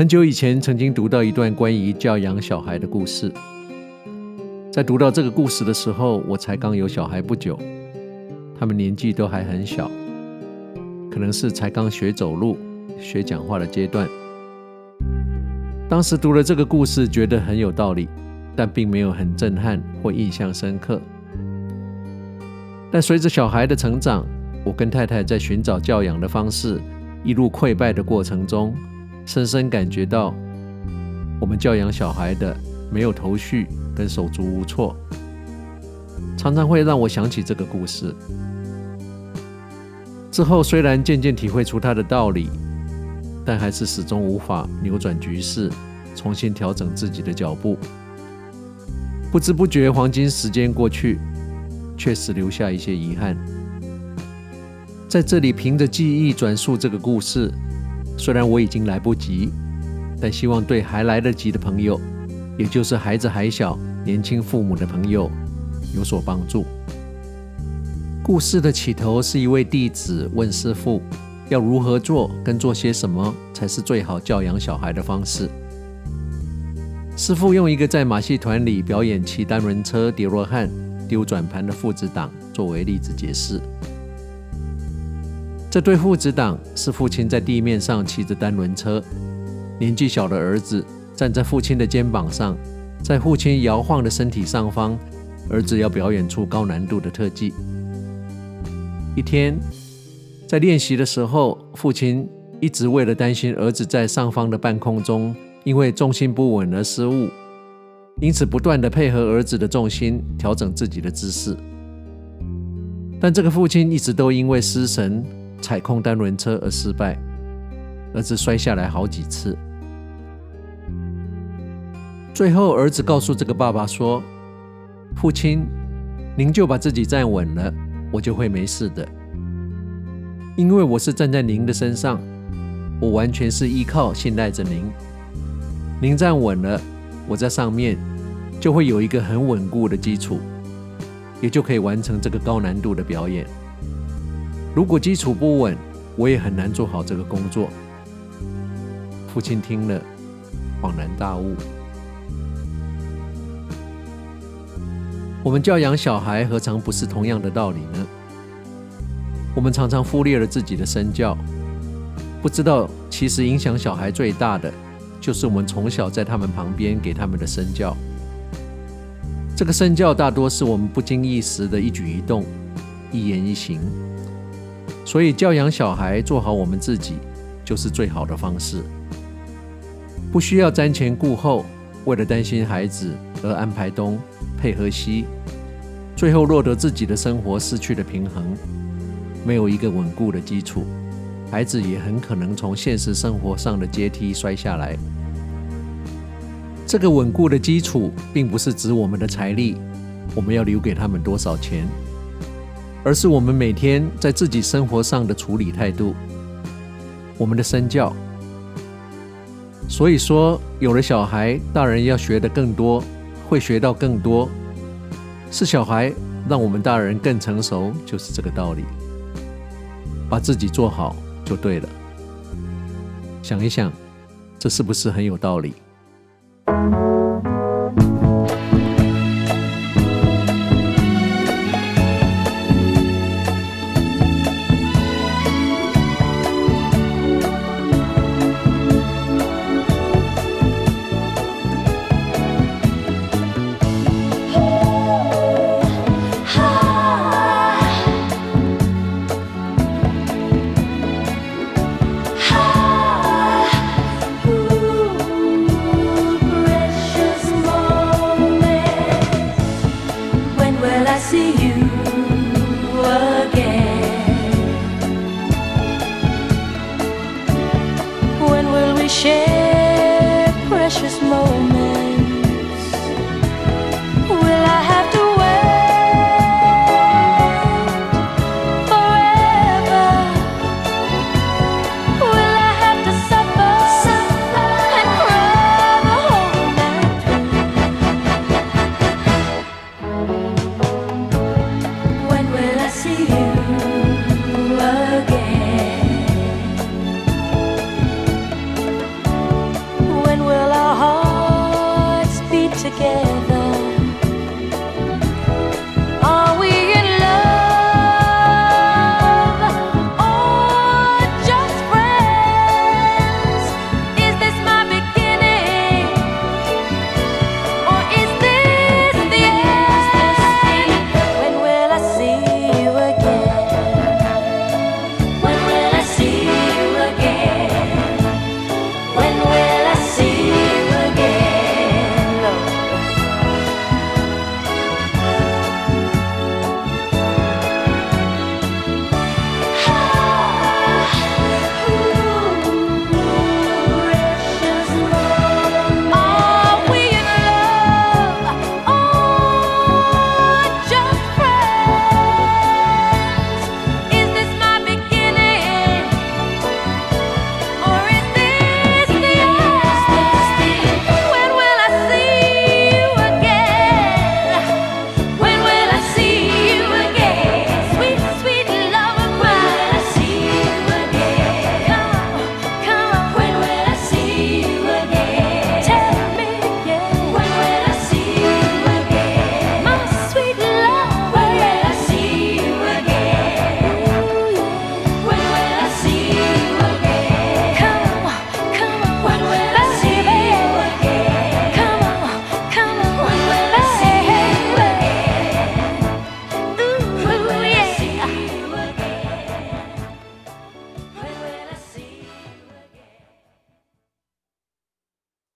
很久以前，曾經讀到一段關於教養小孩的故事。在讀到這個故事的時候，我才剛有小孩不久，他們年紀都還很小，可能是才剛學走路、學講話的階段。當時讀了這個故事，覺得很有道理，但並沒有很震撼或印象深刻。但隨着小孩的成長，我跟太太在尋找教養的方式，一路潰敗的過程中。深深感覺到，我們教養小孩的沒有頭緒跟手足無措，常常會讓我想起這個故事。之後雖然漸漸體會出它的道理，但還是始終無法扭轉局勢，重新調整自己的腳步。不知不覺，黃金時間過去，確實留下一些遺憾。在這裡，憑着記憶轉述這個故事。雖然我已經來不及，但希望對還來得及的朋友，也就是孩子還小、年輕父母的朋友，有所幫助。故事的起頭是一位弟子問師父，要如何做跟做些什麼才是最好教養小孩的方式。師父用一個在馬戲團裡表演騎單輪車、疊羅漢、丟轉盤的父子檔作為例子解釋。這對父子檔是父親在地面上騎着單輪車，年紀小的兒子站在父親的肩膀上，在父親搖晃的身體上方，兒子要表演出高難度的特技。一天在練習的時候，父親一直為了擔心兒子在上方的半空中因為重心不穩而失誤，因此不斷地配合兒子的重心調整自己的姿勢。但這個父親一直都因為失神，踩空單輪車而失敗，兒子摔下來好幾次。最後，兒子告訴這個爸爸說：“父親，您就把自己站穩了，我就會沒事的。因為我是站在您的身上，我完全是依靠信賴着您。您站穩了，我在上面就會有一個很穩固的基礎，也就可以完成這個高難度的表演。”如果基礎不穩，我也很難做好這個工作。父親聽了，恍然大悟：我們教養小孩，何嘗不是同樣的道理呢？我們常常忽略了自己的身教，不知道其實影響小孩最大的，就是我們從小在他們旁邊給他們的身教。這個身教，大多是我們不經意時的一舉一動、一言一行。所以，教養小孩做好我們自己，就是最好的方式。不需要瞻前顧後，為了擔心孩子而安排東配合西，最後落得自己的生活失去了平衡，沒有一個穩固的基礎，孩子也很可能從現實生活上的階梯摔下來。這個穩固的基礎，並不是指我們的財力，我們要留給他們多少錢。而是我們每天在自己生活上的處理態度，我們的身教。所以說，有了小孩，大人要學得更多，會學到更多，是小孩讓我們大人更成熟，就是這個道理。把自己做好就對了。想一想，這是不是很有道理？